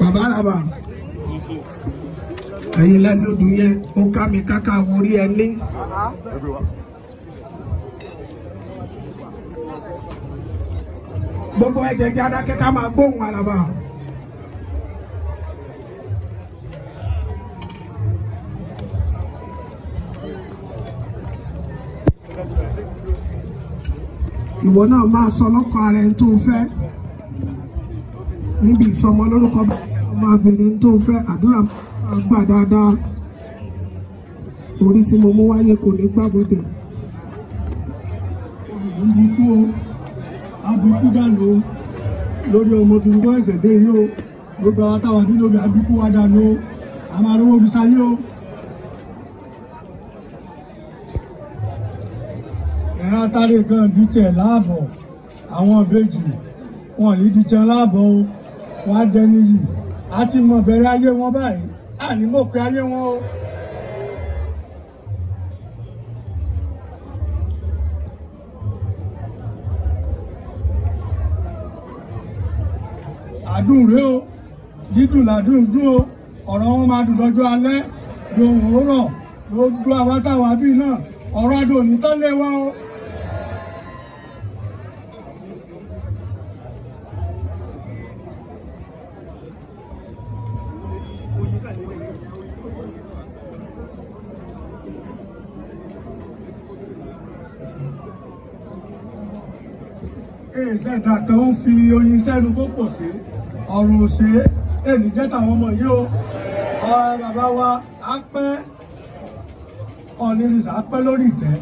bàbá àràbà ẹ̀yin lẹ́lódù yẹn o ká mi káká orí ẹni. gbogbo ẹ̀jẹ̀ jẹ́ adákẹ́ ká máa gbóhùn àràbà. ìwọ náà máa sọ lọ́kàn ara ẹni tó fẹ́ níbi ìsọmọ lórúkọ máa bèrè tó fẹ́ àdúrà gbà dáadáa orí tí mo mú wáyé kò ní gbàgbọ́dẹ̀. àbùkù o àbùkù dànù o lórí ọmọ tuntun ẹsẹ̀ dé yìí o gbogbo àwọn táwọn àbí lórí àbùkù wa dànù o àwọn arówó fi sáyé o. ẹ̀rọ atáré kan dìtẹ̀ láàbọ̀ àwọn ìbejì wọn ò ní dìtẹ̀ láàbọ̀ o wọ́n á dẹni yìí a ti mọ̀ bẹ̀rẹ̀ ayé wọn báyìí àní mọ̀ pé ayé wọn o. àdùn rèé o dídùn làdùn dùn o ọ̀rọ̀ wọn máa dùn lọ́jọ́ alẹ́ lòun rọ̀ ló dún àwọn táwọn àbí náà ọ̀rọ̀ adùn ò ní tán lé wọn o. ìṣẹ̀dá kan ń fi oyin sẹ́nu kó pọ̀ sí ọ̀rùn òṣè èlì jẹ́ tàwọn ọmọ yìí o bàbá wa á pẹ́ ọ̀nìrìsà á pẹ́ lórí ìtẹ́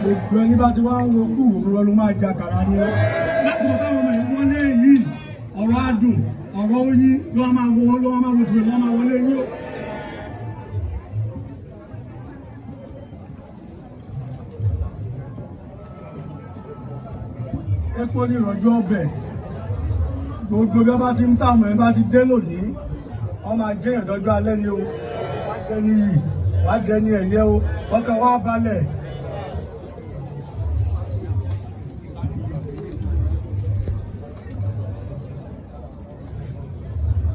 gbogbo ẹni bá ti wá ń wo kú òwúrọ̀ ló máa ja ni ẹ. láti mọ̀ táwọn ọmọ yìí wọ́n lé yìí ọ̀rọ̀ adùn ọ̀rọ̀ oyin ló máa wo ló máa wo kó nírànjú ọbẹ̀ gbogbo bí wọ́n bá ti ń tààmù ẹ̀ bá ti dé lónìí wọ́n máa jẹ́yàn dọ́jọ́ alẹ́ ni o wá jẹ́ ní yìí wá jẹ́ ní ẹ̀yẹ o ọkàn wá balẹ̀.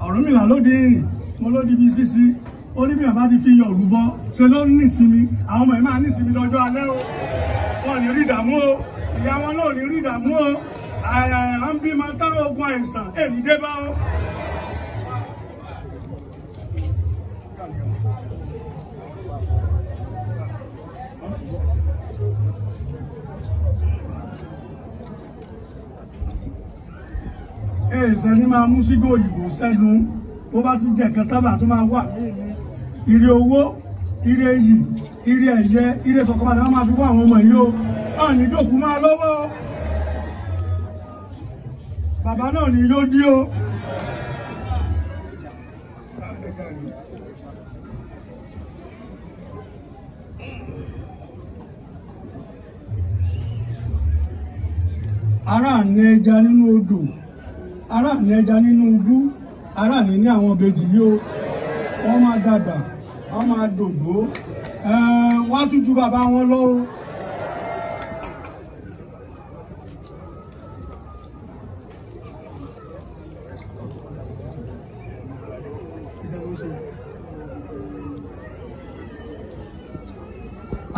Ọ̀rúnmìlà ló di ìrìn mo ló di sísí ó ní bí bàbá ti fi yọ òrùbọ ṣe ló ń nísinmi àwọn ọmọ ẹ̀ máa nísinmi lọ́jọ́ alẹ́ o wọ́n ní rí ìdààmú o ìyá wọn náà ní rí ìdààmú o àyà ń bímọ táwọn ogun àìsàn èyí dé bá o. èèṣẹ́ ní máa mú sígò òyìnbó sẹ́nu bó bá tún jẹ́ kan tábà tó máa wà ire owó ire iyì ire ẹ̀yẹ ire sọ̀kọ́bàdà máa fi wá àwọn ọmọ yìí o àní dòkú máa lọ́wọ́ bàbá náà ní ló dí o. ara àní ẹja nínú odò ara àní ẹja nínú ubú ara àní ní àwọn ìbejì yìí o wọ́n máa dàgbà wọ́n máa dògbò wọ́n á tún ju bàbá wọn lọ o.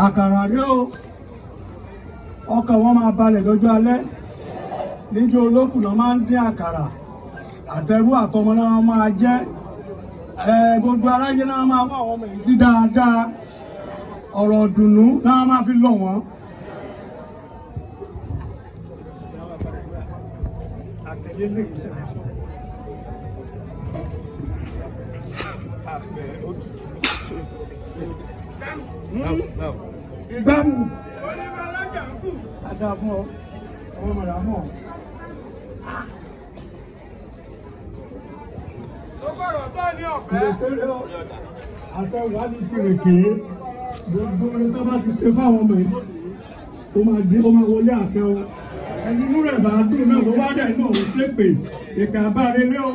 àkàrà rí o wọn máa balẹ̀ lọ́jọ́ alẹ́ níjọ́ olókùn náà máa ń dín àkàrà àtẹrú àtọmọ náà máa jẹ gbogbo aráyé náà máa wá àwọn ọmọ yìí sí dáadáa ọ̀rọ̀ dùnú náà máa fi lọ̀ wọ́n. ìgbàmù àdá fún ọ ọmọ mọ̀lá mọ̀. àṣẹ ìwádìí ti rè kéé gbogbo ẹni tó bá ti ṣe fáwọn ọmọ yìí ó máa dé ó wọlé àṣẹ wọn ẹni múrẹ̀ bá dùn náà ló wá dẹ̀ náà ó ṣépè ìkà bá rere ó.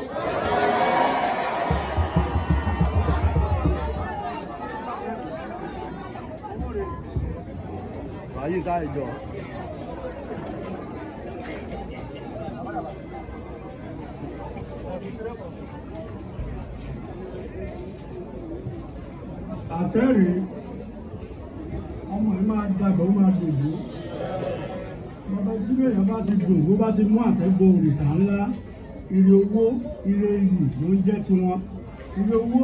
àyíká ìjọ. àtẹ́rì ọmọ ẹ máa dàgbà ó máa dògbò bàbá jíbẹ̀ yẹn bá ti dògbò bá ti mú àtẹ́gbò òrìṣà ńlá ire owó ire iyì ló ń jẹ́ tiwọn ire owó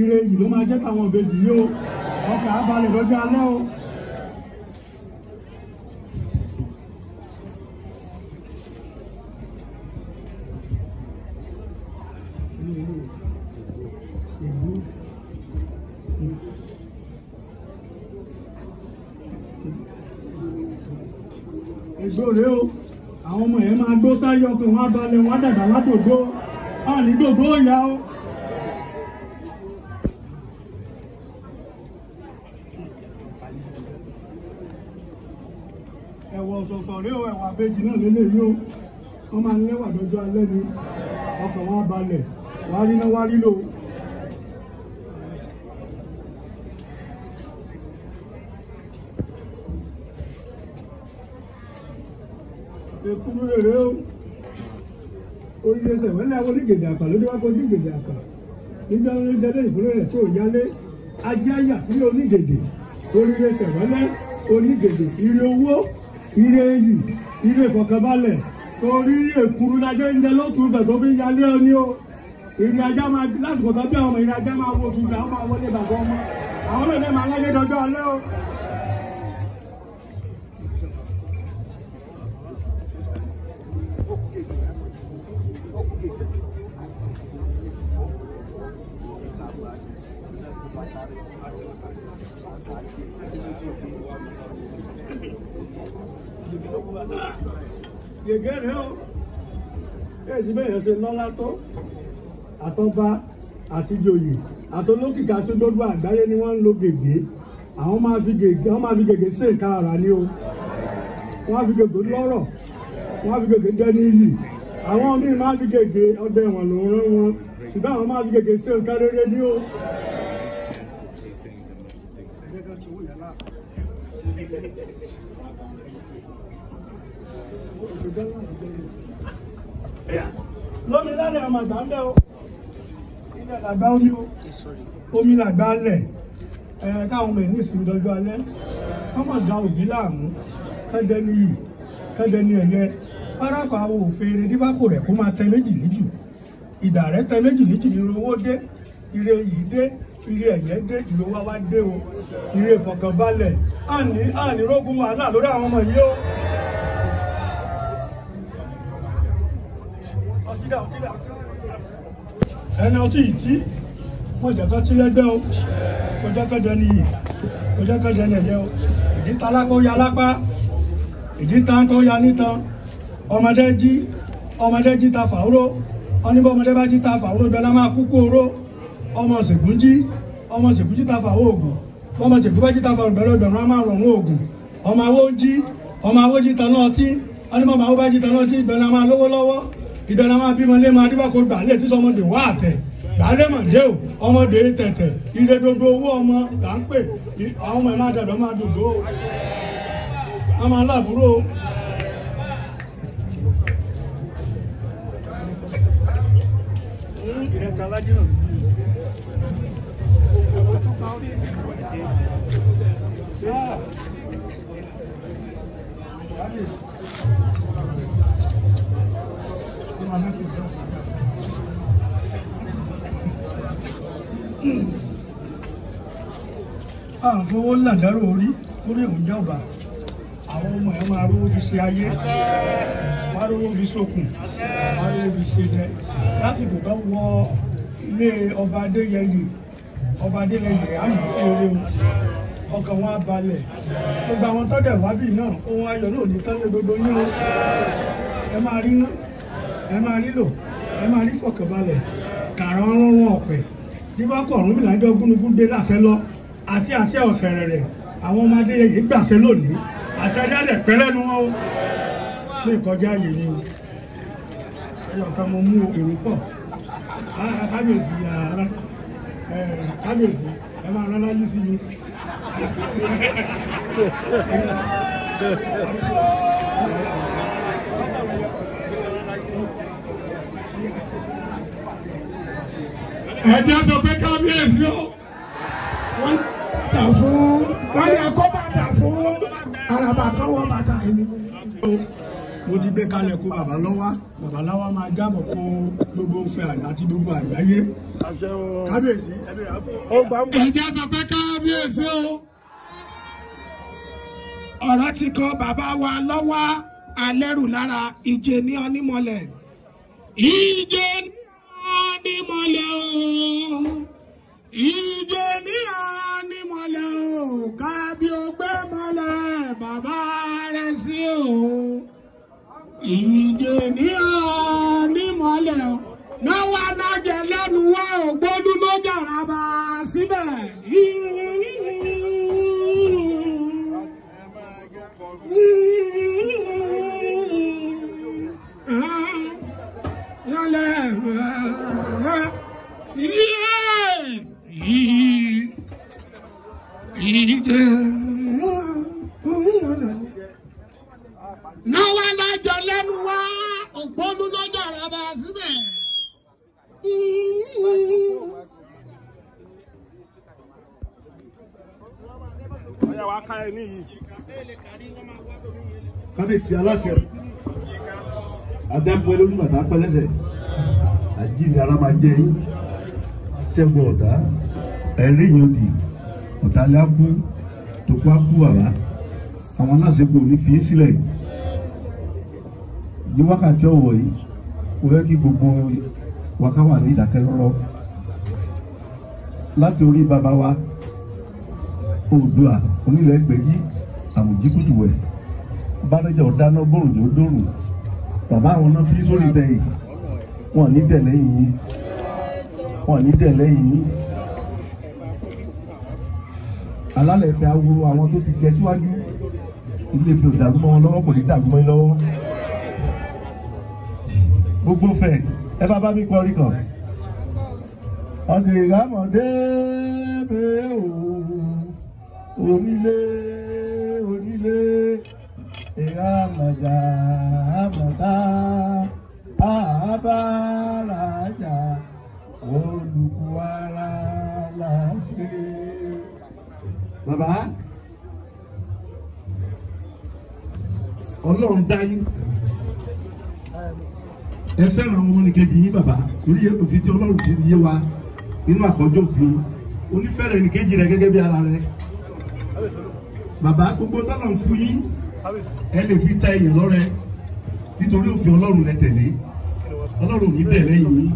ire iyì ló máa jẹ́ tàwọn ìbejì yìí o ọkà abalẹ̀ lọ́jọ́ alẹ́ o. yọ pé wọ́n á balẹ̀ wọ́n á dàgbà ládòdó á ní dòdó ìyá o. ẹ̀wọ̀ ọ̀sọ̀ọ̀sọ̀ rí o ẹ̀wọ̀ àbejì náà lélẹ̀ yìí o wọ́n máa ń lẹ́wà dọ́jọ́ alẹ́ ni ọkàn wọn á balẹ̀ á rí náà wá rílò. Ekuru rere orí ẹsẹ̀ wọn ní àwọn onígèdè àpà lójú wá kó onígèdè àpà nígbà wọn ní jẹlé ìpínlẹ̀ rẹ̀ tí ò yálé ajé àyà sí onígèdè orí ẹsẹ̀ wọn ní onígèdè ire owó ire iyì ire ìfọ̀kànbalẹ̀ torí èkúrú lájọ ń jẹ lótú ìfẹ́ tó fi ń yálé ọ ní o ìrìn ajá máa lásìkò tó bí àwọn ìrìn ajá máa wo tuntun àwọn máa wọlé bàbá ọmọ àwọn náà máa lájẹ dọjọ́ alẹ́ o. gègéré o èyí bẹ́ẹ̀ ṣe lọ́lá tó àtọ́ba àtijọ́yè àtọlókìkà tí gbogbo àgbáyé ni wọ́n ń lo gègé àwọn máa fi gègé wọ́n máa fi gègé sí nǹkan ara ni o wọ́n á fi gègé lọ́rọ̀ wọ́n á fi gègé dẹ́ni yìí àwọn míì máa fi gègé ọdẹ wọn ló ń rán wọn ṣùgbọ́n àwọn máa fi gègé sí nǹkan rere ni o. Thank you lómi lálẹ́ ọmọ àgbà ń bẹ́ o ilẹ̀ làgbà omi o omi làgbà lẹ̀ ẹ̀ káwọn ọmọ ẹ̀ ní ìsinmi dọjọ́ alẹ́ kọ́mọ̀ da òbí láàmú kẹ́dẹ́ ní yìí kẹ́dẹ́ ní ẹ̀yẹ páráfà wo fèrè dífàkò rẹ̀ kó máa tẹ méjì níjì ìdà rẹ̀ tẹ méjì níjì ní owó dé ire yìí dé ire ẹ̀yẹ dé ìrówá wá dé o ire ìfọ̀kànbalẹ̀ àní àní rógún wàhálà lórí àwọn ọmọ yìí o. ẹni ọtí yìí tí mo jẹ́ ká tí lẹ́gbẹ́ o mo jẹ́ ká jẹ mo jẹ́ ká jẹ o ìdí ta lápá ó ya lápá ìdí ta ń kọ́ ya nítan ọmọdé jí ọmọdé jí ta fàwúrò ọníbọ̀ ọmọdé bá jí ta fàwúrò bẹ́ẹ̀ náà máa kúkú oró ọmọ ṣègùn jí ọmọ ṣègùn jí ta fàwọ́ ògùn ọmọ ṣègùn bá jí ta fàwọ́ bẹ́ẹ̀ lọ́dọ̀ náà máa rọ̀rùn ògùn ọmọ awó jí ọmọ awó jí ta náà tí ọníbọ̀ ọmọ awó bá jí ta náà tí bẹ́ẹ̀ náà máa lówó lọ́wọ́ ìdọ̀nà máa bímọ lé máa dípò kó gbàlẹ́ tí sọmọdé wá àtẹ̀ gbàlẹ́ mọ̀dé o ọmọdé tẹ̀tẹ̀ ilé dodo owó ọmọ là ń pè àwọn ọmọ ẹ̀ máa dàdọ̀ máa dòdò o wọ́n máa láàbúrò o. ìrẹta àfowó ńlá dárò orí lórí òǹjà ọba àwọn ọmọ ẹ máa rówó fi ṣe ayé máa rówó fi ṣokùn máa rówó fi ṣe dẹ lásìkò tó wọ ilé ọba adéyẹyè ọba adéyẹyè àmọ́ sí orí wọn ọkàn wọn á balẹ̀ gbogbo àwọn tọ́jà wábì náà ohun ayọ̀ náà ò ní tán ṣe gbogbo yín o ẹ máa rí náà ẹ máa rí lò ẹ máa rí fọkànbalẹ̀ kàrà ọlọ́run ọ̀pẹ dípákọ̀ ọ̀run mìíràn jọ gúnugún dé láṣẹ lọ àṣẹ àṣẹ ọ̀sẹ̀ rẹ̀ rẹ̀ àwọn ọmọdé yìí gbàṣẹ lónìí àṣẹ jáde pẹ́lẹ́nu wọn o lè kọjá yìí ni ẹyọ kan mo mú èrò pọ̀ kábíyèsí ara kábíyèsí ẹ máa rán lájú sí mi. ẹ̀jẹ̀ sọ pé kábíyèsí o wọ́n tà fún wọ́n yẹ kó bàtà fún àràbà kan wọ́n bàtà ẹni. mo ti gbé kalẹ̀ kó bàbá lọ́wọ́ bàbá láwa máa jábọ̀ kó gbogbo òfin àti gbogbo àgbáyé kábíyèsí. ẹ̀jẹ̀ sọ pé kábíyèsí o ọ̀rọ̀ ti kan bàbá wa lọ́wọ́ alẹ́rù lára ìjẹ ní onímọ̀lẹ̀ ìjẹ ní mọ́lẹ̀ o ìjẹ níyà ní mọ́lẹ̀ o kábí o gbé mọ́lẹ̀ bàbá rẹ̀ sí o ìjẹ níyà. ẹni yìí. kábíyèsí aláṣẹ adáfẹ́ lórí bàtà pẹ́lẹ́sẹ̀ àjíǹde ara máa jẹ yín ṣẹ́gun ọ̀tá ẹ̀rí yóò di ọ̀tá lé akú tó kó akú àbá àwọn aláṣẹ kò ní fi í sílẹ̀ ní wákàtí ọ̀wọ̀ yìí mo fẹ́ kí gbogbo wa ní ìdákẹ́rọ́rọ́ láti orí bàbá wa oòdùà onílẹ̀ gbẹ̀gí àmùjí kùtùwẹ̀ bárẹ́jà ọ̀dáná bòrùn ló dòrùn bàbá àwọn náà fi sórí tẹ̀yìn wọn ní dẹ̀ lẹ́yìn yín wọn ní dẹ̀ lẹ́yìn yín alálẹ̀ ìfẹ́ awo àwọn tó ti jẹ síwájú ilé ìfẹ́ òdàrú mọ́ wọn lọ́wọ́ kò ní dàrú mọ́ yín lọ́wọ́ gbogbo fẹ̀ ẹ bá bá mi kọrin kan ọ̀sẹ̀ bẹ́ẹ̀ o onílé onílé ìhà àmàjà àmàtà àbárajà olùkú ara là ń ṣe. bàbá ọlọ́run dáyé ẹ fẹ́ràn àwọn ọmọnìkejì yín bàbá torí yẹn kò fi ti ọlọ́run fi yé wa nínú àkọ́jọ́ fún un onífẹ́rẹ̀ nìkejì rẹ̀ gẹ́gẹ́ bí ara rẹ̀ bàbá gbogbo tọ́lọ̀ ń fún yín ẹ lè fi ta èèyàn lọ́rẹ nítorí òfin ọlọ́run lẹ tẹ̀lé ọlọ́run ò ní bẹ̀ lẹ́yìn yín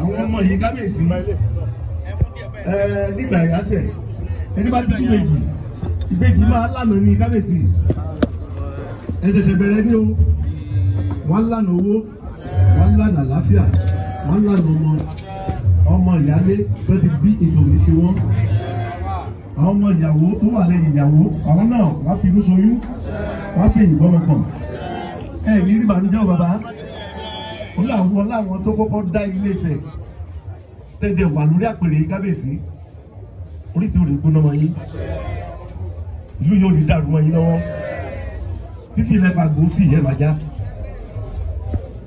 àwọn ọmọ yìí kábíyèsí ẹ nígbà ìyáṣẹ ẹni bá dúdú méjì ìbejì máa lànà ní kábíyèsí ẹ ṣẹ̀ṣẹ̀ bẹ̀rẹ̀ ní o wọ́n lànà owó wọ́n lànà àlàáfíà wọ́n lànà ọmọ ọmọ ìyáálé tó ti bí ìdòwú sí wọn àwọn ọmọ ìyàwó tó wà lẹ́yìn ìyàwó àwọn náà wá fi inú soyún wá fi èyí bọ́mọ kàn ẹ ní rí ìbànújẹ́ ò bàbá láwọn láwọn tó kọ́kọ́ dá ilé Ifẹ̀ tẹ́tẹ́ wà lórí àpèrè kábíyèsí orí tí ò lè gbóná wọn yín ìlú yóò lè dàrú wọn yín lọ́wọ́ fífi ilẹ̀ bàgbó fi ìyẹn bàjá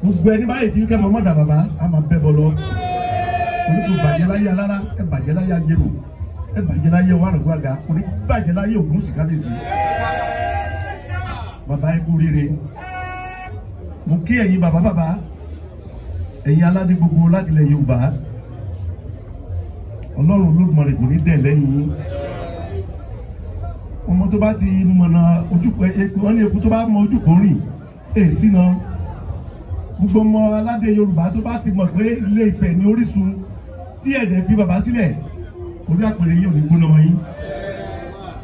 gbogbo ẹni báyìí ti kẹ́ mọ́ mọ́dà bàbá a máa bẹ́ bọ́ lọ orí tó bàjẹ́ láyé alára ẹ bàjẹ́ láyé ajérò ẹ bàjẹ́ láyé wa rẹ̀ wága kò ní bàjẹ́ láyé ògùn sì kábíyèsí. bàbá ẹ kú rere mo kí ẹ̀yin bàbá bàbá ẹ̀yin aládé gbogbo láti ilẹ̀ Yorùbá Ọlọ́run Olódùmarè kò ní dẹ̀ lẹ́yìn yín ọmọ tó bá ti mọ̀nà ojúkọ eku wọ́n ní eku tó bá mọ ojúkọ rìn èsì náà gbogbo ọmọ aládé Yorùbá tó bá ti mọ̀ pé Ilé Ifẹ̀ ní orísun tí ẹ̀dẹ̀ fi bàbá sílẹ̀ orí àpèrè yìí ò ní gbóná mọ́ yín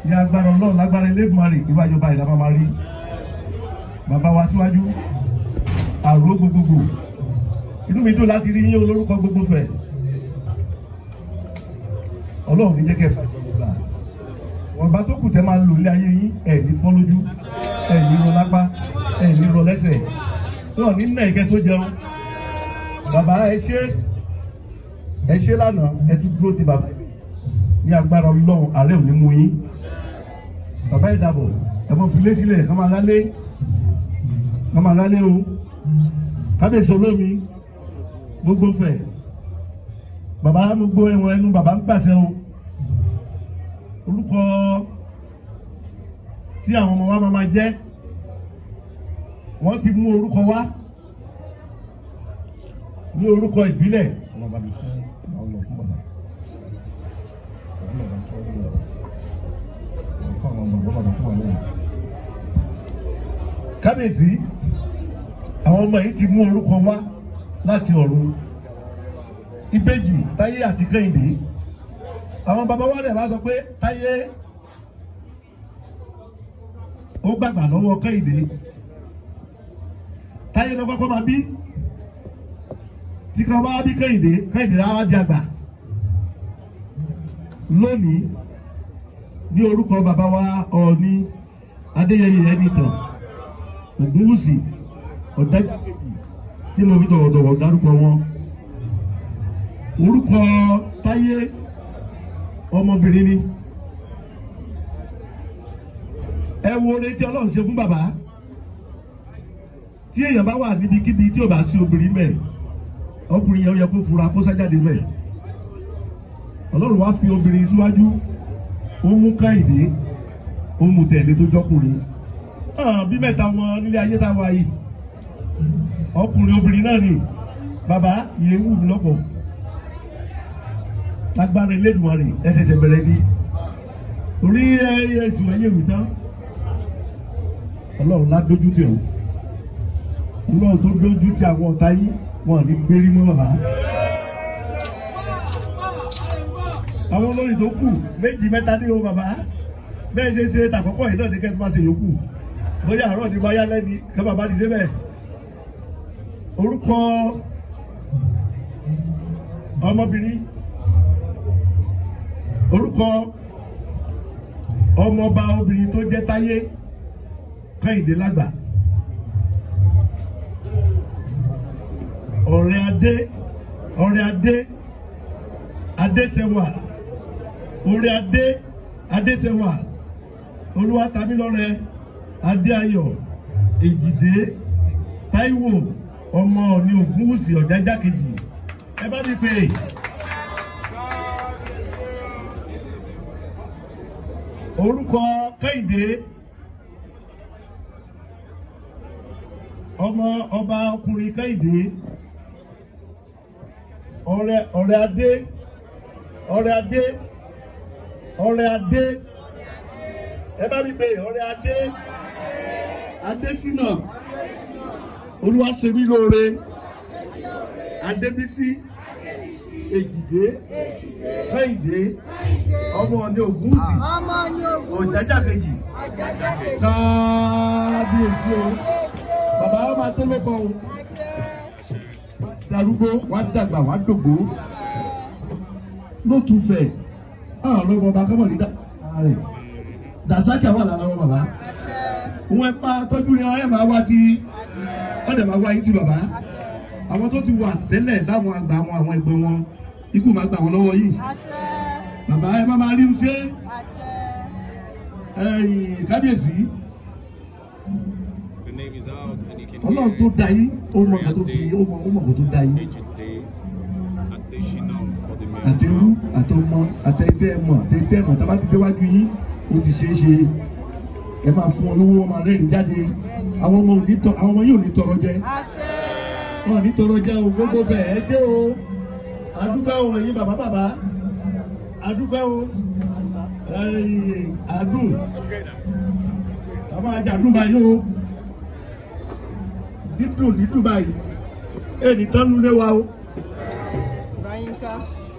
ìyá agbára ọlọ́run lágbára Elédùmarè ìwájọba ìlànà máa rí bàbá wa síwájú àrò gbogbogbò inú mi dùn láti rí yín olórúkọ gbogbo fẹ̀ ọlọ́run ní jẹ́ kẹfà ìgbà wọn bá tó kù tẹ́ máa lò ilé ayé yín ẹ̀ ní fọ́ lójú ẹ̀ ní rọ lápá ẹ̀ ní rọ lẹ́sẹ̀ náà ní nàìkẹ́ tó jẹun bàbá ẹ ṣe ẹ ṣe lánàá ẹ tún dúró ti bàbá ní agbára ọlọ́run ààrẹ ò ní mú yín bàbá ìdàbọ̀ ẹ̀fọn filé sílẹ̀ ká lálé ká lálé o kábíyèsí olómi gbogbo fẹ̀ bàbá gbogbo ẹ̀wọ̀n ẹnu bàbá ń gbàṣẹ o orúkọ tí àwọn ọmọ wa máa jẹ́ wọ́n ti mú orúkọ wá ní orúkọ ìbílẹ̀ ọlọ́ba mi fún ọlọ́ ọmọ ọmọ tó wà lẹ́yìn. kábíyèsí àwọn ọmọ yìí ti mú orúkọ wá láti ọ̀run ìbejì táyé àti kẹ́hìndé àwọn bàbá wa rẹ̀ wá sọ pé táyé ó gbàgbà lọ́wọ́ kẹ́hìndé táyé lọ kọ́kọ́ máa bí tí kan bá bí kẹ́hìndé kẹ́hìndé á wá di àgbà lónìí ní orúkọ bàbá wa ọ̀ọ́ni adéyẹyẹ ẹnìtàn ògúnwùsì ọ̀dájàkejì tí mo fi tọ̀wọ̀tọ̀wọ̀ dárúkọ wọn orúkọ táyé ọmọbìnrin ni ẹ wo oore tí ọlọ́run ṣe fún bàbá tí èèyàn bá wà níbikíbi tí ò bá sí obìnrin mẹ́ẹ̀ ọkùnrin yẹn ó yẹ kó fura kó sájáde mẹ́ẹ̀ ọlọ́run wá fi obìnrin síwájú. Si ó mú káìdé ó mú tẹ̀lé tó jọkùnrin ah, bí mẹ́ta wọn nílé ayé tá a wà yìí ọkùnrin obìnrin náà ni bàbá yẹn wù mí lọ́pọ̀ lágbára Elédùmarè ẹ ṣẹ̀ṣẹ̀ bẹ̀rẹ̀ bí torí ẹ̀sùn ayé mi tán ọlọ́run lá dójú tì ọ́ ọlọ́run tó dójú tì àwọn ọ̀tá yìí wọn ò ní gbérí mọ́ bàbá àwọn olórí tó kù méjì mẹ́ta ní o bàbá bẹ́ẹ̀ ṣe ṣe tàkọ́kọ́ yìí náà ní kẹ́tù máa ṣe yòókù bóyá àárọ̀ ní báyá lẹ́ni kẹ́ bàbá ti ṣe bẹ́ẹ̀ orúkọ ọmọbìnrin orúkọ ọmọọba obìnrin tó jẹ́ táyé kẹ́hìndé lágbà ọ̀rẹ́ adé ọ̀rẹ́ adé adé ṣẹwà orí adé adésẹwà olúwatamílọ́rẹ adéayọ̀ èjìdé táíwò ọmọ ní ògúnwùsì ọ̀jájá kejì ẹ bá mi pè é. orúkọ kẹ́hìndé ọmọ ọba ọkùnrin kẹ́hìndé ọ̀rẹ́ ọ̀rẹ́ adé ọ̀rẹ́ adé ọrẹ adé ẹ bá mi pè ọrẹ adé adésínà olúwa ṣe mí lóore adébísí èjìdé kẹ́hìndé ọmọ ní ògúnwùsì ah. ọ̀jájá kejì kábíyèsí o bàbá wa máa tó lóko o darúgbó wàá dàgbà wàá dògbó lótùfẹ̀ẹ́ àárọ̀ bọba kámọ̀ ní dáadáa rẹ̀ dàsákì àwọn àlàra wọn bàbá wọn pa tọ́jú yẹn ẹ máa wá ti wọn dẹ̀ máa wá yín ti bàbá àwọn tó ti wà tẹ́lẹ̀ láwọn àgbà àwọn àwọn ẹgbẹ́ wọn ikú máa gbà wọn lọ́wọ́ yìí bàbá ẹ má máa rí ṣe kábíyèsí ọlọ́run tó dá yín ó mọ̀ kó tó fi ó àtìlú àtọmọ àtẹtẹmọ àtẹtẹmọ tábà ti déwájú yín O ti ṣeé ṣe ẹ máa fún wọn lówó máa rẹ́rìn jáde àwọn ọmọ òní tọ àwọn ọmọ yóò ní tọrọ jẹ wọn ní tọrọ jẹ o gbogbo fẹ ẹ ṣé o àdúgbò àwọn ẹ̀yin bàbá bàbá àdúgbò ẹ̀yin àdùn àwọn àjàdùn báyìí o dídùn dídùn báyìí ẹnì tánú lé wa o.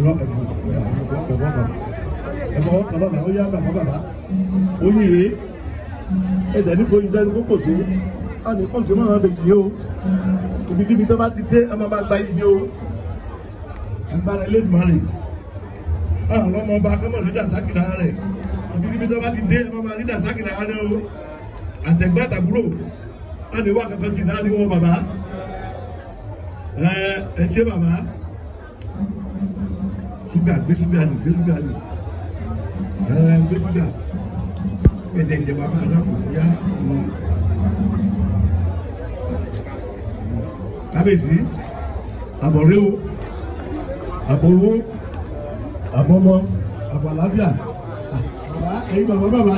irọ́ ẹ̀fọ́ ẹ̀fọ́ kan ẹ̀fọ́ kan bàbá ó yá bàbá bàbá ó yí rèé ẹ̀jẹ̀ ní foyín sẹ́ni kó pòṣó á ní pòṣó máa bẹ̀ yìí o ibikíbi tó bá ti dé ọmọ máa gba ibi o agbára Elédùmarè àwọn ọmọ ọba akọ́mọ̀ rídà sákìlà rẹ̀ ibikíbi tó bá ti dé ọmọ máa rídà sákìlà rẹ̀ o àtẹ̀gbẹ́ àtàbúrò á ní wá kankan ti náà ní wọn bàbá ẹ ẹ ṣe bàbá ṣúgà gbé ṣúgà nì gbé ṣúgà nì ẹ gbé ṣúgà ẹ̀dẹ̀ ìjọba máa sábò yá kábíyèsí àbọ̀rẹ́ o àbọ̀wó àbọ̀mọ àbọ̀láfíà bàbá ẹ̀yin bàbá bàbá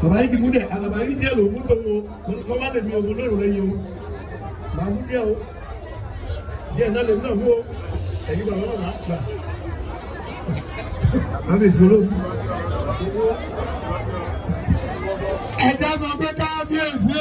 bàbá yìí ti mú dẹ̀ àgàbà yìí díẹ̀ ló mú tó wo kọ́ wá lè mi ògùn lóru lẹ́yìn o màá mú díẹ̀ o díẹ̀ náà lè mú náà o ẹ̀yin bàbá bàbá gbà àbí ìṣòro. ẹ̀jẹ̀ sọ pé káábíyèsí